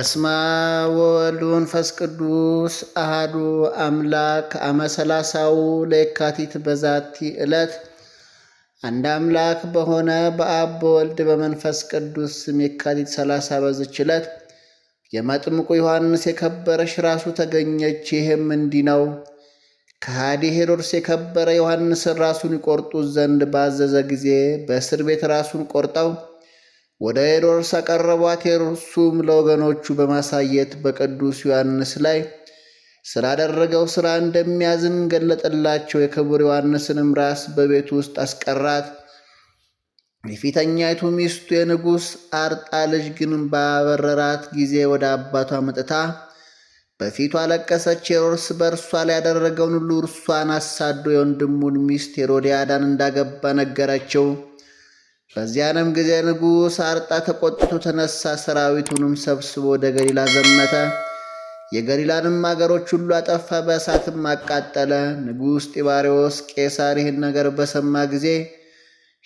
በስመ አብ ወወልድ ወመንፈስ ቅዱስ አህዱ አምላክ አመ ሰላሳው ለየካቲት በዛቲ ዕለት አንድ አምላክ በሆነ በአብ በወልድ በመንፈስ ቅዱስ ስም የካቲት ሰላሳ በዝች ዕለት የመጥምቁ ዮሐንስ የከበረች ራሱ ተገኘች። ይህም እንዲህ ነው። ከሃዲ ሄሮድስ የከበረ ዮሐንስን ራሱን ይቆርጡት ዘንድ ባዘዘ ጊዜ በእስር ቤት ራሱን ቆርጠው ወደ ሄሮድስ አቀረቧት። ሄሮድሱም ለወገኖቹ በማሳየት በቅዱስ ዮሐንስ ላይ ስላደረገው ሥራ እንደሚያዝን ገለጠላቸው። የክቡር ዮሐንስንም ራስ በቤት ውስጥ አስቀራት። የፊተኛይቱ ሚስቱ የንጉሥ አርጣ ልጅ ግን ባበረራት ጊዜ ወደ አባቷ መጥታ በፊቱ አለቀሰች። ሄሮድስ በእርሷ ላይ ያደረገውን ሁሉ እርሷን አሳዶ የወንድሙን ሚስት ሄሮድያዳን እንዳገባ ነገራቸው። በዚያንም ጊዜ ንጉሥ አርጣ ተቆጥቶ ተነሳ፣ ሰራዊቱንም ሰብስቦ ወደ ገሊላ ዘመተ። የገሊላንም አገሮች ሁሉ አጠፋ፣ በእሳትም አቃጠለ። ንጉሥ ጢባሪዎስ ቄሳር ይህን ነገር በሰማ ጊዜ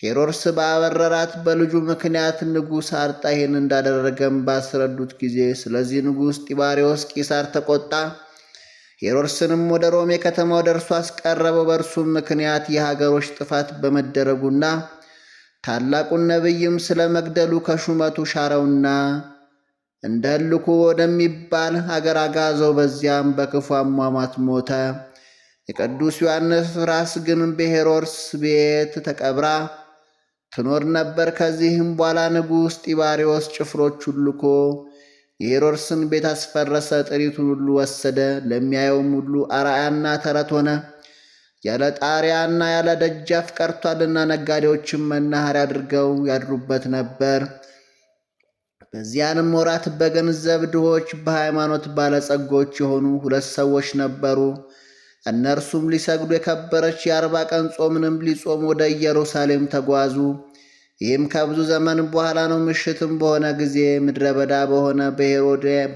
ሄሮድስ ባበረራት በልጁ ምክንያት ንጉሥ አርጣ ይህን እንዳደረገም ባስረዱት ጊዜ ስለዚህ ንጉሥ ጢባሪዎስ ቄሳር ተቆጣ። ሄሮድስንም ወደ ሮሜ ከተማ ወደ እርሱ አስቀረበው። በእርሱም ምክንያት የሀገሮች ጥፋት በመደረጉና ታላቁን ነቢይም ስለ መግደሉ ከሹመቱ ሻረውና እንደ ወደሚባል አገር አጋዘው። በዚያም በክፉ አሟሟት ሞተ። የቅዱስ ዮሐንስ ራስ ግን በሄሮድስ ቤት ተቀብራ ትኖር ነበር። ከዚህም በኋላ ንጉሥ ጢባሪዎስ ጭፍሮች ሁልኮ የሄሮድስን ቤት አስፈረሰ፣ ጥሪቱን ሁሉ ወሰደ። ለሚያየውም ሁሉ አርአያና ተረት ሆነ። ያለ ጣሪያና ያለ ደጃፍ ቀርቷልና ነጋዴዎችም መናኸሪያ አድርገው ያድሩበት ነበር። በዚያንም ወራት በገንዘብ ድሆች፣ በሃይማኖት ባለጸጎች የሆኑ ሁለት ሰዎች ነበሩ። እነርሱም ሊሰግዱ የከበረች የአርባ ቀን ጾምንም ሊጾም ወደ ኢየሩሳሌም ተጓዙ። ይህም ከብዙ ዘመን በኋላ ነው። ምሽትም በሆነ ጊዜ ምድረ በዳ በሆነ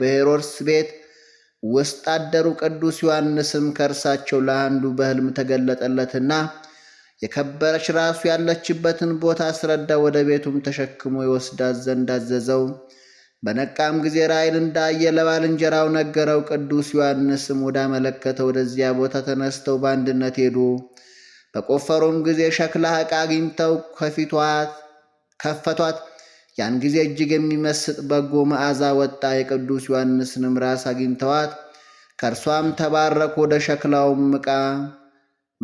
በሄሮድስ ቤት ወስጣደሩ አደሩ ቅዱስ ዮሐንስም ከእርሳቸው ለአንዱ በሕልም ተገለጠለትና የከበረች ራሱ ያለችበትን ቦታ አስረዳ። ወደ ቤቱም ተሸክሞ ይወስዳት ዘንድ አዘዘው። በነቃም ጊዜ ራእይን እንዳየ ለባልንጀራው ነገረው። ቅዱስ ዮሐንስም ወዳመለከተ ወደዚያ ቦታ ተነስተው በአንድነት ሄዱ። በቆፈሩም ጊዜ ሸክላ ዕቃ አግኝተው ከፊቷት ከፈቷት። ያን ጊዜ እጅግ የሚመስጥ በጎ መዓዛ ወጣ። የቅዱስ ዮሐንስንም ራስ አግኝተዋት ከእርሷም ተባረኩ። ወደ ሸክላውም ዕቃ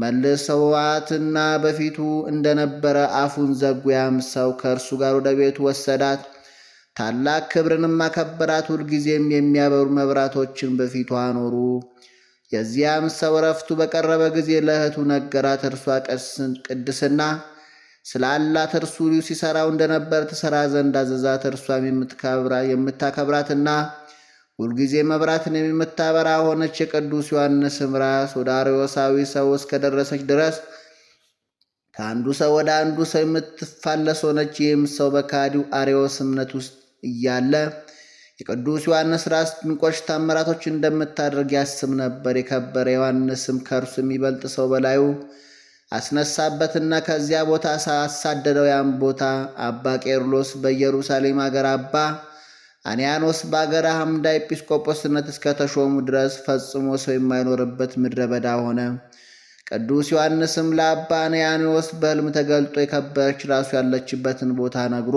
መልሰዋትና በፊቱ እንደነበረ አፉን ዘጉ። ያም ሰው ከእርሱ ጋር ወደ ቤቱ ወሰዳት። ታላቅ ክብርንም አከበራት። ሁልጊዜም የሚያበሩ መብራቶችን በፊቱ አኖሩ። የዚያም ሰው እረፍቱ በቀረበ ጊዜ ለእህቱ ነገራት። እርሷ ቅድስና ስለ አላት እርሱ ሲሰራው እንደነበር ትሰራ ዘንድ አዘዛት። እርሷም የምታከብራትና ሁልጊዜ መብራትን የምታበራ ሆነች። የቅዱስ ዮሐንስም ራስ ወደ አርዮሳዊ ሰው እስከደረሰች ድረስ ከአንዱ ሰው ወደ አንዱ ሰው የምትፋለስ ሆነች። ይህም ሰው በካዲው አርዮስ እምነት ውስጥ እያለ የቅዱስ ዮሐንስ ራስ ድንቆች ታምራቶች እንደምታደርግ ያስብ ነበር። የከበረ ዮሐንስም ከእርሱ የሚበልጥ ሰው በላዩ አስነሳበትና ከዚያ ቦታ ሳሳደደው ያን ቦታ አባ ቄርሎስ በኢየሩሳሌም አገር አባ አንያኖስ በአገረ ሐምዳ ኤጲስቆጶስነት እስከ ተሾሙ ድረስ ፈጽሞ ሰው የማይኖርበት ምድረ በዳ ሆነ። ቅዱስ ዮሐንስም ለአባ አንያኖስ በሕልም ተገልጦ የከበረች ራሱ ያለችበትን ቦታ ነግሮ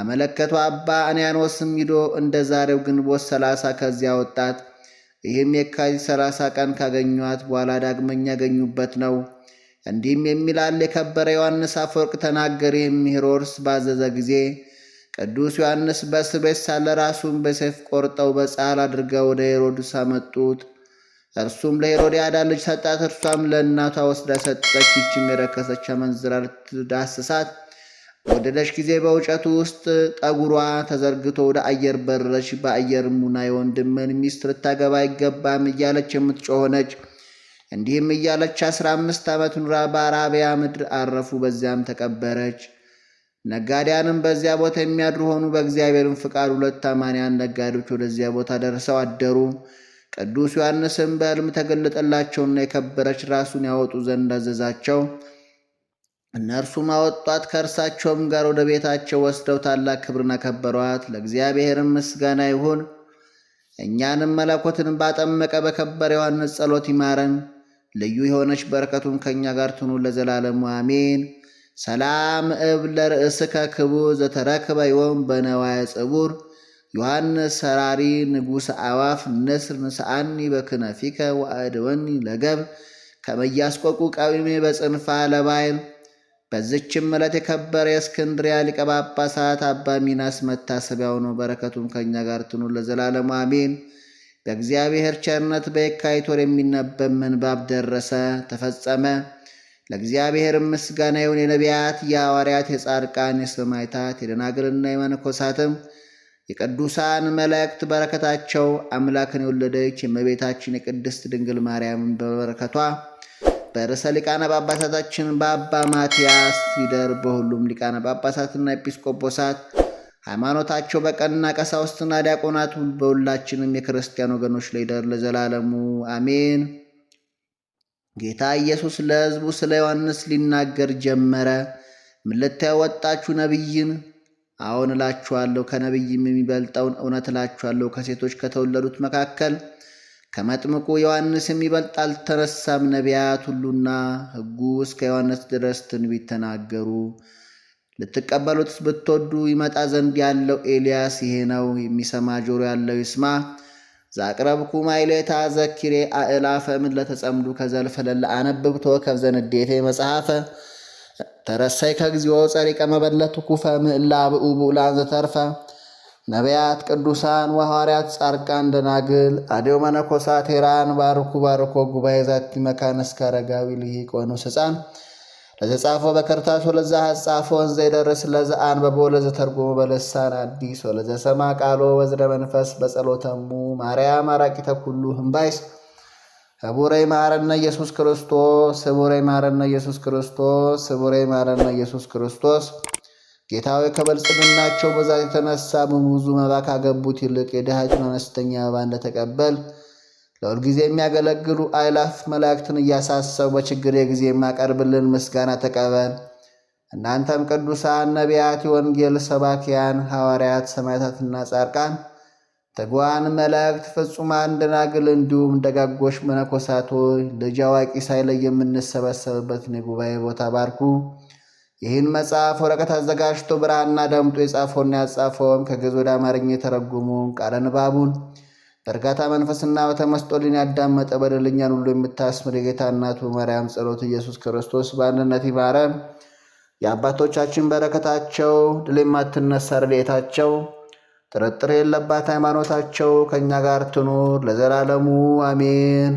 አመለከቱ። አባ አንያኖስም ሂዶ እንደ ዛሬው ግንቦት ሰላሳ ከዚያ ወጣት። ይህም የካቲት ሰላሳ ቀን ካገኟት በኋላ ዳግመኛ ያገኙበት ነው። እንዲህም የሚላል የከበረ ዮሐንስ አፈወርቅ ተናገረ። ሄሮድስ ባዘዘ ጊዜ ቅዱስ ዮሐንስ በእስር ቤት ሳለ ራሱን በሰይፍ ቆርጠው በጻሕል አድርገው ወደ ሄሮድስ አመጡት። እርሱም ለሄሮድያዳ ልጅ ሰጣት። እርሷም ለእናቷ ወስዳ ሰጠች። ይችም የረከሰች አመንዝራ ልትዳስሳት ወደደች ጊዜ በውጨቱ ውስጥ ጠጉሯ ተዘርግቶ ወደ አየር በረረች። በአየር ሙና የወንድምን ሚስት ልታገባ አይገባም እያለች የምትጮሆነች እንዲህም እያለች አስራ አምስት ዓመት ኑራ በአራቢያ ምድር አረፉ። በዚያም ተቀበረች። ነጋዴያንም በዚያ ቦታ የሚያድሩ ሆኑ። በእግዚአብሔርም ፍቃድ ሁለት ታማንያን ነጋዴዎች ወደዚያ ቦታ ደርሰው አደሩ። ቅዱስ ዮሐንስም በሕልም ተገለጠላቸውና የከበረች ራሱን ያወጡ ዘንድ አዘዛቸው። እነርሱም አወጧት። ከእርሳቸውም ጋር ወደ ቤታቸው ወስደው ታላቅ ክብርን አከበሯት። ለእግዚአብሔርም ምስጋና ይሁን። እኛንም መለኮትን ባጠመቀ በከበረ ዮሐንስ ጸሎት ይማረን። ልዩ የሆነች በረከቱም ከእኛ ጋር ትኑ ለዘላለሙ አሜን። ሰላም እብ ለርእስከ ክቡር ዘተረክበ ዮም በነዋየ ፀቡር ዮሐንስ ሰራሪ ንጉሥ አዋፍ ንስር ንስአኒ በክነፊከ ወአድወኒ ለገብ ከመያስቆቁ ቀዊሜ በጽንፋ ለባይል። በዝችም ዕለት የከበረ የእስክንድሪያ ሊቀ ጳጳሳት አባ ሚናስ መታሰቢያው ነው። በረከቱም ከእኛ ጋር ትኑ ለዘላለሙ አሜን። በእግዚአብሔር ቸርነት በየካቲት ወር የሚነበብ ምንባብ ደረሰ፣ ተፈጸመ። ለእግዚአብሔር ምስጋና ይሁን። የነቢያት የሐዋርያት፣ የጻድቃን፣ የሰማዕታት፣ የደናግልና የመነኮሳትም የቅዱሳን መላእክት በረከታቸው አምላክን የወለደች የእመቤታችን የቅድስት ድንግል ማርያምን በበረከቷ በርዕሰ ሊቃነ ጳጳሳታችን በአባ ማትያስ ይደር በሁሉም ሊቃነ ጳጳሳትና ኤጲስቆጶሳት ሃይማኖታቸው በቀና ቀሳውስትና ዲያቆናት በሁላችንም የክርስቲያን ወገኖች ላይ ደር ለዘላለሙ አሜን። ጌታ ኢየሱስ ለሕዝቡ ስለ ዮሐንስ ሊናገር ጀመረ። ምን ልታዩ ወጣችሁ? ነቢይን? አዎን እላችኋለሁ፣ ከነቢይም የሚበልጠውን እውነት እላችኋለሁ፣ ከሴቶች ከተወለዱት መካከል ከመጥምቁ ዮሐንስ የሚበልጥ አልተነሳም። ነቢያት ሁሉና ሕጉ እስከ ዮሐንስ ድረስ ትንቢት ተናገሩ። ልትቀበሉትስ ብትወዱ ይመጣ ዘንድ ያለው ኤልያስ ይሄ ነው። የሚሰማ ጆሮ ያለው ይስማ። ዛቅረብኩ ማይሌታ ዘኪሬ አእላፈ ምን ለተጸምዱ ከዘልፈ ለለ አነብብቶ ከብዘንዴቴ መጽሐፈ ተረሳይ ከግዚኦ ጸሪቀ መበለቱ ኩፈ ምእላ ብኡ ብኡላን ዘተርፈ ነቢያት ቅዱሳን ወሐዋርያት ጻርቃን ደናግል አዴው መነኮሳት ሄራን ባርኩ ባርኮ ጉባኤ ዛቲ መካን እስከ አረጋዊ ልሂቅ ወኖስ ሕፃን ለተጻፎ በከርታሽ ወለዛ ሐጻፈ ወንዘ ይደርስ ለዘ አንበቦ ወለዘ ተርጉሞ በልሳን አዲስ ወለዘ ሰማ ቃሎ ወዝደ መንፈስ በጸሎተሙ ማርያም አራቂተ ኩሉ ህምባይስ ህቡረይ ማረነ ኢየሱስ ክርስቶስ ህቡረይ ማረነ ኢየሱስ ክርስቶስ ህቡረይ ማረነ ኢየሱስ ክርስቶስ። ጌታዊ ከበልጽግናቸው በዛት የተነሳ ብዙ መባ ካገቡት ይልቅ የድሃጩን አነስተኛ መባ እንደተቀበል ለሁልጊዜ የሚያገለግሉ አእላፍ መላእክትን እያሳሰቡ በችግር ጊዜ የማቀርብልን ምስጋና ተቀበል። እናንተም ቅዱሳን ነቢያት፣ የወንጌል ሰባኪያን ሐዋርያት፣ ሰማዕታትና ጻድቃን ትጉዋን መላእክት ፍጹማን ደናግል እንዲሁም ደጋጎች መነኮሳት ሆይ ልጅ አዋቂ ሳይለይ የምንሰበሰብበትን የጉባኤ ቦታ ባርኩ። ይህን መጽሐፍ ወረቀት አዘጋጅቶ ብራና ደምጦ የጻፈውና ያጻፈውም ከግዕዝ ወደ አማርኛ የተረጎመውን ቃለ ንባቡን በእርጋታ መንፈስና በተመስጦ ያዳመጠ በደለኛን ሁሉ የምታስምር የጌታ እናቱ መርያም ጸሎት ኢየሱስ ክርስቶስ በአንድነት ይማረን። የአባቶቻችን በረከታቸው ድል የማትነሳ ረድኤታቸው ጥርጥር የለባት ሃይማኖታቸው ከእኛ ጋር ትኑር ለዘላለሙ አሜን።